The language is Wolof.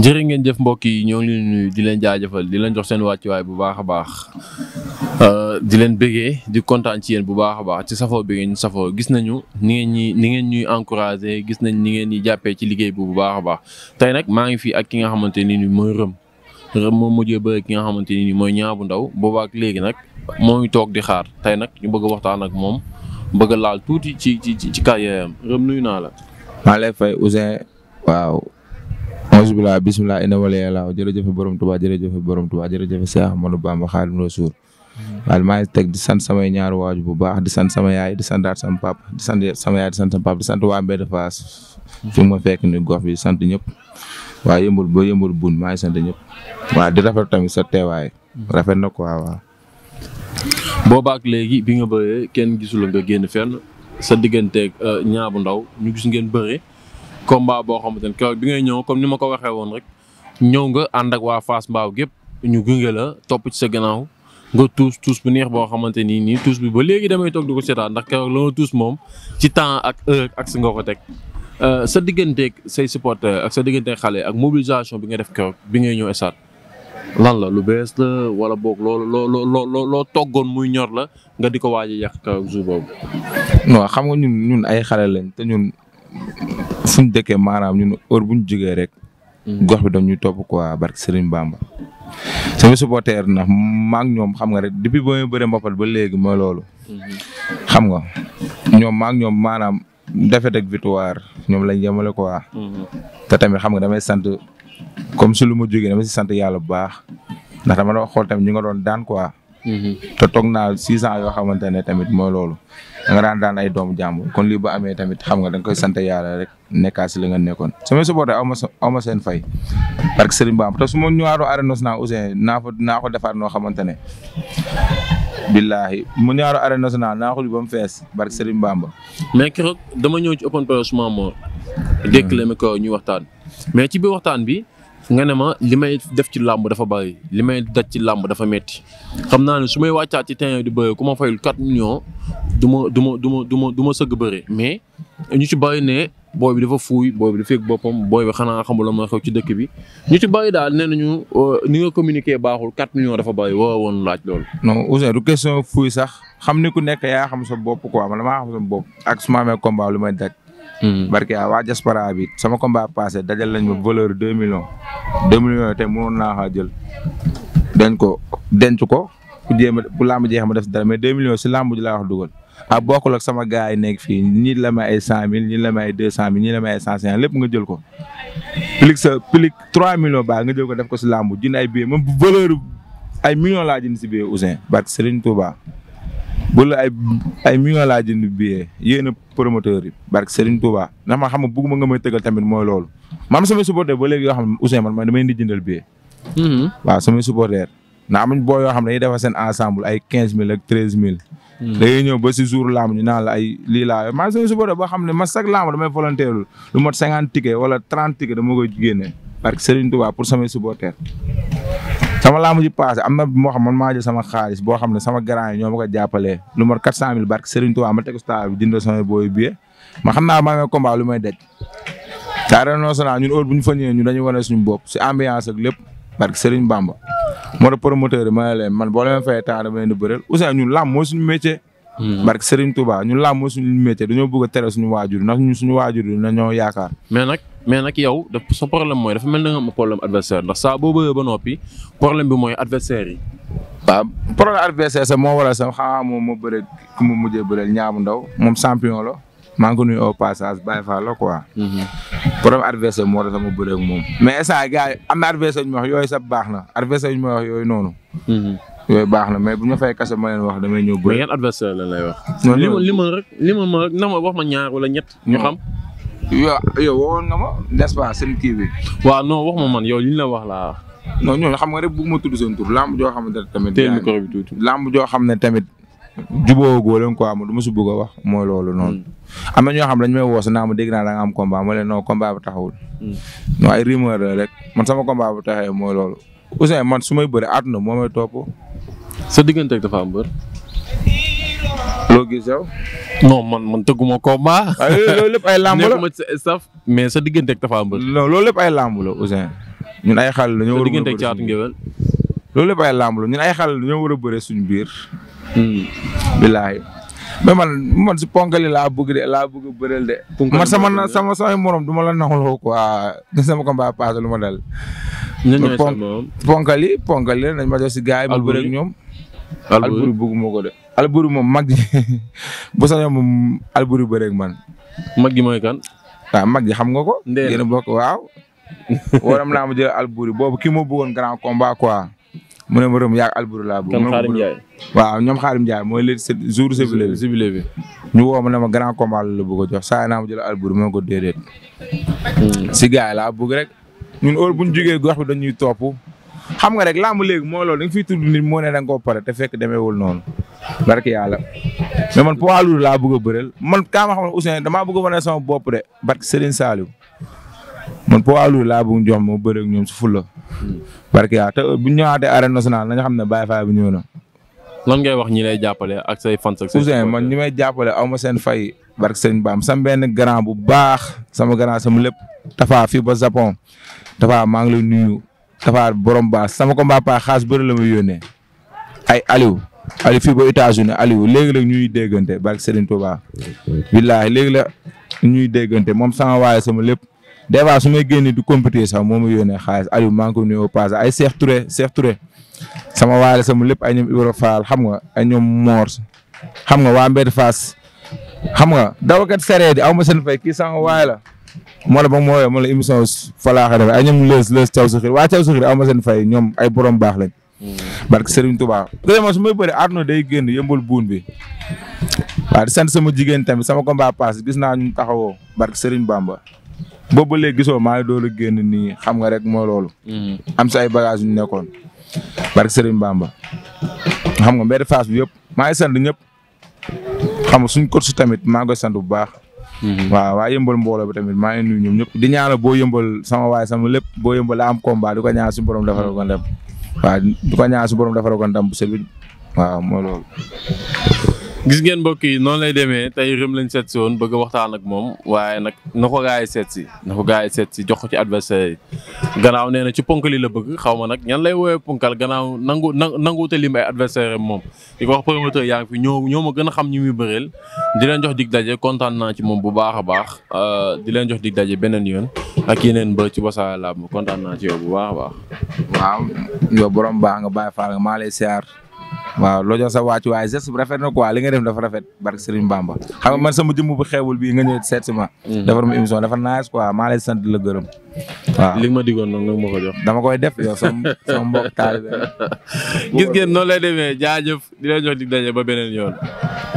jërë ngeen jëf mbokk yi ñoo ngi leen di leen jaajëfal di leen jox seen wàccuwaay bu baax a baax euh, di leen bëggee di kontaan ci yéen bu baax a baax ci safoo bi ngeen safoo gis nañu ni ngeen ñi ni ngeen ñuy encouragé gis nañ ni ngeen ñi jàppee ci liggéey bu bu baax a baax tey nag maa ngi fii ak ki nga xamante ni ni mooy rëm rëm moo mujjee ba ki nga xamante ni ni mooy ñaabu ndaw ak léegi nag moo ngi toog di xaar tey nag ñu bëgg a waxtaan ak moom bëgg a laal tuuti ci ci ci carrière am rëm naa la. maa lay fay Ouzin alhamdulilah bisimilah inna wala yàlla jërëjëf borom Tuubaa jërëjëf borom Tuubaa jërëjëf Seex Ahmadu Bamba Xaadimu Rasuul waaw maa ngi teg di sant samay ñaar waaju bu baax di sant sama yaay di santaat sama papa di sant sama yaay di sant sama sant waa Mbedd Faas fi ma fekk ni gox bi sant ñëpp waa yëmbul boo yëmbul bun maa sant ñëpp waa di rafet tamit sa teewaay rafet na quoi waaw boobaak léegi bi nga bëree kenn gisula nga génn fenn sa digganteeg euh, ñaabu ndaw ñu gis ngeen bëree combat boo xamante ne keroog bi ngay ñëw comme ni ma ko waxee woon rek ñëw nga ànd ak waa Fass Mbaaw gépp ñu gunge la topp ci sa gannaaw nga tuus tuus bu neex boo xamante nii nii tuus bi ba léegi damay toog di ko seetaan ndax keroog la ma tuus moom ci temps ak ak si nga ko teg. Euh, sa digganteeg say supporter ak sa digganteeg xale ak mobilisation bi nga def keroog bi ngay ñëw esaat lan la lu bees la wala boog loo loo loo loo toggoon muy ñor la nga di ko waaj a yàq keroog jour boobu. non xam nga ñun ay fu ñu dëkkee maanaam ñun heure bu ñu jógee rek. Hmm. gox bi dañ ñu topp quoi barke Serigne Bamba. sama supporter nag maa ngi ñoom xam nga rek depuis ba may bëre mbapat ba léegi mooy loolu. Hmm. xam nga ñoom maa ñoom maanaam défaite ak victoire ñoom lañ yemale quoi. Hmm. te tamit xam nga damay sant comme si lu ma jógee dama si sant yàlla bu baax ndax dama xool tamit ñu nga doon daan quoi. Mhm. te toog naa six ans yoo xamante ne tamit mooy loolu da nga daan ay doomu jàmbur kon lii ba ame tamit xam nga danga koy sant yàlla rek nekkaa si li nga nekkoon so supporter aw ma aw ma seen fay parce que Serigne Bamba te su ma ñëwaatoo arène ko defaat noo xamante ne billaahi mu ñaaro arène nationale naa ba mu fees barke Serigne Bamba. mais keroog dama ñëw ci open press Mame Mor. dégg la ko ñuy waxtaan mais ci biir waxtaan bi nga ne ma li may def ci làmb dafa bàyyi li may daj ci làmb dafa metti xam naa ne su may wàccaat ci terrain di bëre ku ma fayul 4 millions du ma du ma du ma du ma du ma sëgg bëre mais ñu ci bari ne booy bi dafa fuuy booy bi dafa yëg boppam booy bi xanaa xamul la ma xew ci dëkk bi ñu ci bari daal nee nañu euh, ni nga communiqué baaxul 4 millions dafa bari woo woon laaj loolu. non Ouzin du question fuuy sax xam ni ku nekk yaa xam sa bopp quoi man maa xam sa bopp ak su ma amee combat lu may Mm. barke yaa waa diaspora bi sama combat passé dajal lañ ma valeur deux millions deux millions yooyu tey mënoon naa xaa jël dañ ko denc ko ku jéem a bu làmb jeex ma def dara mais deux millions si lamb ji laa wax dugal bokk ah, bokkul ak sama gars yi nekk fii ñii la may ay cent mille ñii la may ay deux cent mille ñii la may ay cent cinquante lépp nga jël ko pilik sa pilik trois millions baa nga jël ko def ko si làmb jënd ay billets même valeur ay millions laa jënd si billet Ouzin barke Serigne Touba bu la ay ay millions laa jënd billet yéen a promoteur yi barke Serigne Touba ndax ma xam nga bëgguma nga may tëggal tamit mooy loolu man samay supporter ba léegi yoo xam ne Ousseyn man man damay indi jëndal billet. Mm-hmm. waaw samay supporter na amuñ boo yoo xam ne dañuy defar seen ensemble ay quinze mille ak treize mille. Mm-hmm. dañuy ñëw ba si jour laamu ñu naan la ay lii laa supporter ba xam ne ma chaque laamu damay volontaire lu mot cinquante ticket wala trente ticket dama koy génne barke Serigne sama laamu ji passé am na moo xam man sama xaalis boo xam ne sama grand yi ñoo ma ko jàppalee lu mot mille barke Serigne Touba ma tegu stade bi sama booy bi ma xam naa maa ngi combat lu may daj. te Arène ñun heure bu ñu fa ñu dañuy wane suñu bopp si ambiance ak lépp barke Serigne Bamba moo tax ma ne man boo leen fay temps dama leen di bëreel Ousseyn ñun lamb mooy suñu Hmm. barke Serigne Touba ñun làmb mooy suñu métier ñoo bëgg a tere suñu waajur na ñun suñu waajur yi ñoo yaakaar. mais nag mais nag yow mooy dafa mel ne nga am problème adversaire ndax saa boo bëree ba noppi problème bi mooy adversaire yi. waaw problème moo waral sax xanaa moom moo bëre ku mu mujjee bëreel ñaamu ndaw moom champion la maa ngi ko nuyu au passage Baye Fall la quoi. Hmm. problème moo tax ma bëree ak moom. mais instant gars yi am na adversaire ñu wax yooyu sa baax na adversaire ñu wax yooyu noonu. Hmm. yooyu baax na mais bu ma fay kase ma leen wax damay ñëw. mais yan adversaire la lay wax. li ma li ma rek li ma ma rek na ma wax ma ñaar wala ñett ñu xam. yow yow wowoon nga ma n'est-ce pas seen kii bi. waaw non wax ma man yow li la wax laa. non ñooñu xam nga rek bëgguma tudd seen tur lamb joo xamante ne tamit. teel micro bi tuuti lamb joo xam ne tamit. jubóogoo leen quoi ma du ma si bëgg a wax mooy loolu hmm. noonu. am na ñoo xam dañ may woosa naa ma dégg naa da nga am combat ma leen non combat bu taxawul. Hmm. non ay rumeur la rek man sama combat bu taxawee mooy loolu. Ousseyn man su may bëre àdduna moo may topp. sa diggante dafa Tapha Mbeur. loo gis yow. non man man tëgguma combat. loolu lépp ay lamb la nekkuma sa mais sa diggante ak Tapha Mbeur. non loolu lépp ay lamb la Ouzin ñun ay xal la ñoo war a diggante ak Caatu Ngéwél loolu lépp ay ñun ay xale la ñoo war a suñu biir. Hmm. billaahi. ma man si ponkali laa bëgg de laa bëgg a bëreel de. man sama sama samay morom du ma la naxuloo quoi sama combat passé lu ma dal. ñun ñooy sama morom ponkali ponkali nañ ma si gars yi. ma bëre ak ñoom. Alboury bëgguma ko de. Alboury moom mag ji bu sañoon moom Alboury bëre ak man. mag ji mooy kan. waaw ah, mag ji xam nga ko. Ndeye yéen a bokk waaw. waram laa ma jël Alboury boobu ki moo bëggoon grand combat quoi. mu ne ma rëm yaa Alboury laa bëgg. ñoom Xaarim Ndiaye. waaw ñoom Xaarim Ndiaye mooy le jour jubilé bi bi. ñu woo ma ma grand combat la la bëgg a jox saa naa ma jël Alboury ma ko déedéet. Hmm. si gars yi laa rek ñun heure bu ñu jugee gox bi dañuy xam nga rek làmb léegi mooy loolu da nga fiy tudd nit moo ne da pare te fekk demeewul noonu barki yàlla mais man poids lourd laa bëgg a bëreel man kaa ma xam ne damaa bëgg a wane sama bopp de barki Serigne Saliou man poids lourd laa bëgg jox ma bëreeg ñoom su fula. barki bu ñu ñëwaatee arène nationale nañu xam ne Baye Faye bi ñëw na. lan wax ñi lay jàppale ak say fans ak say. Ousseynou may jàppale ma seen fay barki Serigne Bam benn grand bu baax sama grand sama lépp Tafa fii ba Japon Tafa maa ngi nuyu. Tapha borom baas sama combat paa xaas bëri la ma yónnee ay Aliou Aliou fii ba États-Unis Aliou léegi la ñuy déggante barke to Touba. billaahi léegi la ñuy déggante moom sama waaye sama lépp des fois su may génnee du compétir sax moo ma yónnee xaalis Aliou maa ngi ko nuyoo passé ay Cheikh Touré Cheikh Touré sama waaye la sama lépp ay ñoom Ibra Fall xam nga ay ñoom Mor xam nga waa Mbedd Fass xam nga dawalkat seree di aw ma seen fay kii sama waaye la. moo la ba mu woowee émission falaaxa defe ay ñoom lës lës caw xir waa caw xir aw ma seen fay ñoom ay borom baax lañ. Hmm. barke Serigne Touba. tey moom su may bëri àdduna day génn yëmbal buun bi. waaw di sant sama jigéen tamit sama combat pass gis naa ñu taxawoo barke Serigne Bamba. boobu ba gisoo maa ngi doon génn nii xam nga rek moo loolu. Hmm. am si ay bagages yu ñu nekkoon. barke Serigne Bamba. xam nga mbedd Fass bi yëpp maa ngi sant ñëpp. xam nga suñ kot tamit maa ngi koy sant bu baax. Mhm. waaw waa yëmbal mbooloo bu tamit maa ngi nuyu ñoom ñëpp di ñaanal boo yëmbal sama waay sama lépp boo yëmbal daa am combat di ko ñaan suñu borom defaral ko ndam waaw ñaan suñu borom defaral ko bu sëbi waaw mooy loolu gis ngeen mbokk yi noonu lay demee tey Reum lañ seet si woon bëgg waxtaan ak moom waaye nag na ko gaa yi seet si na ko gaa yi seet si jox ko ci adversaire yi gannaaw nee na ci ponkali la bëgg xaw ma nag ñan lay woowee ponkal gannaaw nangu nanguute lim ay adversaire am moom di ko wax promoteur yaa ngi fi ñoo ma gën a xam ñu muy bëreel di leen jox dig daje kontaan naa ci moom bu baax a baax euh, di leen jox dig daje beneen yoon ak yeneen ba ci Wassare Lamb kontaan naa ci yow bu baax nga bàyyi faal nga maa waaw loo sa wàccu waaye geste bu rafet na quoi li nga def dafa rafet barke Serigne Bamba xam nga man sama jëmm bu xewul bi nga ñëw seet si ma mm. defar ma émission dafa nice quoi maa sant la gërëm waaw li ma digoon noonu nga ma ko jox dama koy def yow sama sama mbokk taalibe gis ngeen noonu lay demee jaajëf di la jox dig daje ba beneen yoon